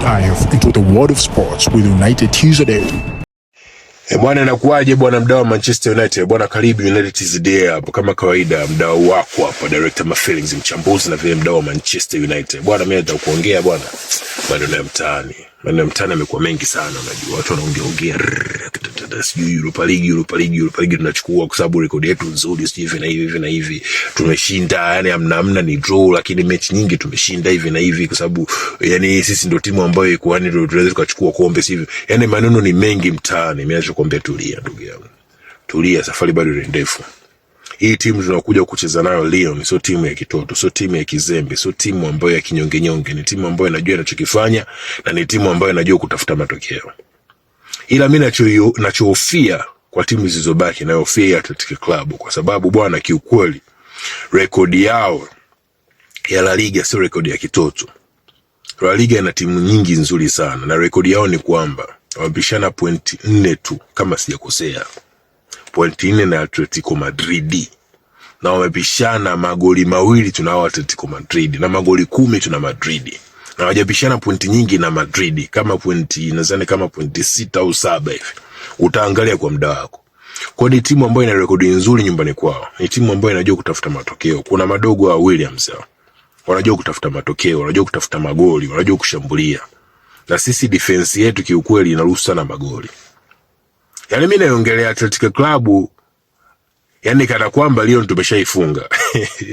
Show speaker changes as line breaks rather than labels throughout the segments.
Dive into the world of sports with United
E, bwana inakuaje bwana mdau wa Manchester United bwana, karibu United Tuesday hapo, kama kawaida, mdau wako hapa director ma feelings mchambuzi na vile mdau wa Manchester United bwana, mimi kuongea bwana, maneno ya mtaani maana mtani amekuwa mengi sana, unajua watu wanaongeongea sijui Europa League, Europa League, Europa League tunachukua kwa sababu rekodi yetu nzuri, sijui hivi na hivi hivi na hivi tumeshinda, yani amna amna ni draw, lakini mechi nyingi tumeshinda hivi na hivi, kwa sababu yani sisi ndio timu ambayo iko yani ndio tunaweza tukachukua kombe sivyo. Yani maneno ni mengi mtaani, mimi nachokuambia tulia, ndugu yangu, tulia, safari bado ni ndefu. Hii timu tunakuja kucheza nayo leo ni sio timu ya kitoto, sio timu ya kizembe, sio timu ambayo ya kinyongenyonge. Ni timu ambayo inajua inachokifanya na ni timu ambayo inajua kutafuta matokeo. Ila mi nachohofia kwa timu zilizobaki, nahofia Athletic Club kwa sababu bwana, kiukweli rekodi yao ya La Liga sio rekodi ya kitoto. La Liga ina timu nyingi nzuri sana, na rekodi yao ni kwamba wamepishana pointi nne tu kama sijakosea pointi nne na Atletico Madrid na wamepishana magoli mawili tunao Atletico Madrid na magoli kumi tuna Madrid na wajapishana pointi nyingi na Madrid kama pointi nadhani kama pointi sita au saba hivi, utaangalia kwa muda wako. Kwa ni timu ambayo ina rekodi nzuri nyumbani kwao, ni timu ambayo inajua kutafuta matokeo. Kuna madogo wa Williams hao, wanajua kutafuta matokeo, wanajua kutafuta magoli, wanajua kushambulia, na sisi defense yetu kiukweli inaruhusu sana magoli yani mi naongelea Atletico Club yani kana kwamba Lyon tumeshaifunga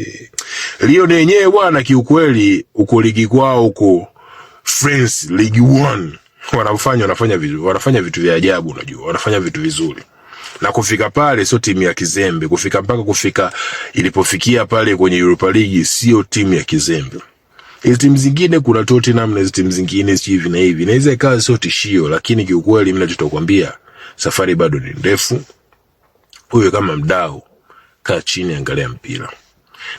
Lyon yenyewe bwana, kiukweli uko ligi kwao huko France Ligue 1 wanafanya wanafanya vitu wanafanya vitu vya ajabu, unajua wanafanya vitu vizuri na kufika pale sio timu ya kizembe. Kufika mpaka kufika ilipofikia pale kwenye Europa League sio timu ya kizembe. Hizi timu zingine kuna Tottenham na hizi timu zingine sio hivi na hivi, naweza ikawa sio tishio, lakini kiukweli mimi nachotakwambia Safari bado ni ndefu. Wewe kama mdau, kaa chini, angalia mpira,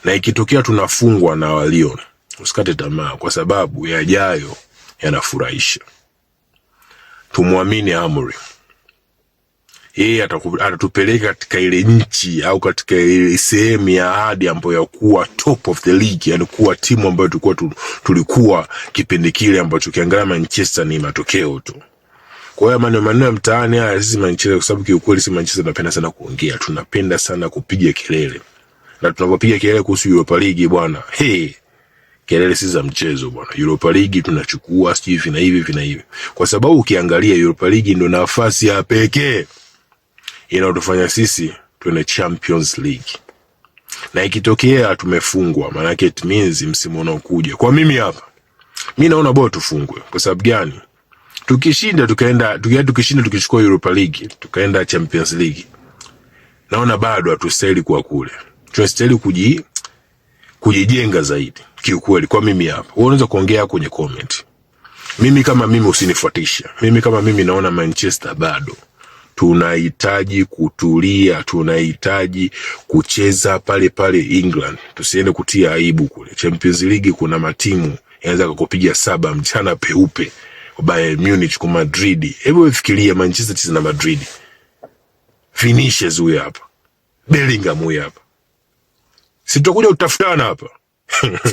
na ikitokea tunafungwa na walio, usikate tamaa, kwa sababu yajayo yanafurahisha. Tumwamini Amri, yeye atatupeleka katika ile nchi au katika ile sehemu ya ahadi ambayo ya kuwa top of the league, yani kuwa timu ambayo tulikuwa tulikuwa kipindi kile ambacho kiangalia Manchester ni matokeo tu. Kwa hiyo maneno maneno ya mtaani haya sisi Manchester, kwa sababu kiukweli sisi Manchester tunapenda sana kuongea, tunapenda sana kupiga kelele, na tunapopiga kelele kuhusu Europa League bwana, hey, kelele si za mchezo bwana. Europa League tunachukua sijui vina hivi vina hivi, kwa sababu ukiangalia Europa League ndio nafasi ya pekee inayotufanya sisi tuende Champions League, na ikitokea tumefungwa, maana yake it means msimu unaokuja, kwa mimi hapa mimi naona bora tufungwe. Kwa sababu gani? tukishinda tukaenda tukishinda tukichukua Europa League tukaenda Champions League, naona bado hatustahili kuwa kule, tunastahili kuji kujijenga zaidi kiukweli. Kwa mimi hapa, wewe unaweza kuongea kwenye comment. Mimi kama mimi, usinifuatisha mimi kama mimi, naona Manchester bado tunahitaji kutulia, tunahitaji kucheza pale pale England, tusiende kutia aibu kule. Champions League kuna matimu yanaweza kukupiga saba mchana peupe. Bayern Munich kwa Madrid. Hebu wewe fikiria Manchester City na Madrid. Finishes huyu hapa. Bellingham huyu hapa. Sitakuja kutafutana hapa.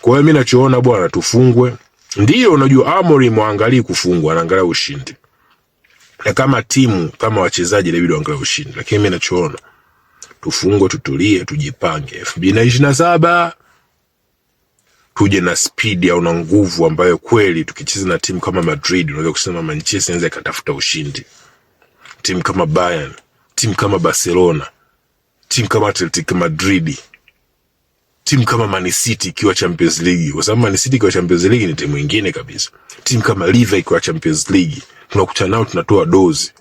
Kwa hiyo mimi nachoona bwana, tufungwe. Ndiyo, unajua Amorim waangalie kufungwa, anaangalia ushindi. Na kama timu kama wachezaji inabidi waangalie ushindi, lakini mimi nachoona tufungwe, tutulie, tujipange elfu mbili na ishirini na saba tuje na spidi au na nguvu ambayo kweli tukicheza na timu kama Madrid unaweza kusema Manchester inaweza ikatafuta ushindi, timu kama Bayern, timu kama Barcelona, timu kama Atletico Madrid, timu kama Man City ikiwa Champions League, kwa sababu Man City ikiwa Champions League ni timu ingine kabisa. Timu kama Liverpool ikiwa Champions League tunakutana nao, tunatoa dozi.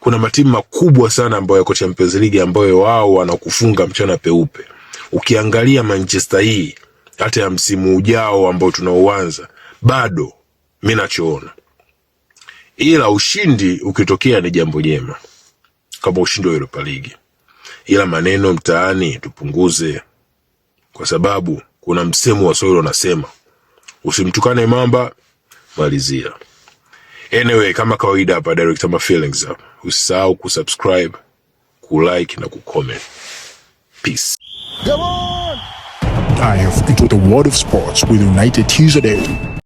Kuna matimu makubwa sana ambayo yako Champions League ambayo wao wanakufunga mchana peupe. Ukiangalia Manchester hii hata ya msimu ujao ambao tunauanza bado mi nachoona, ila ushindi ukitokea ni jambo jema kama ushindi wa Europa League, ila maneno mtaani tupunguze, kwa sababu kuna msemo wa Swahili unasema usimtukane mamba malizia. Anyway, kama kawaida hapa director my feelings hapa, usisahau kusubscribe, kulike na kucomment. Peace. Come on! dive into the world of sports with United Tuesday.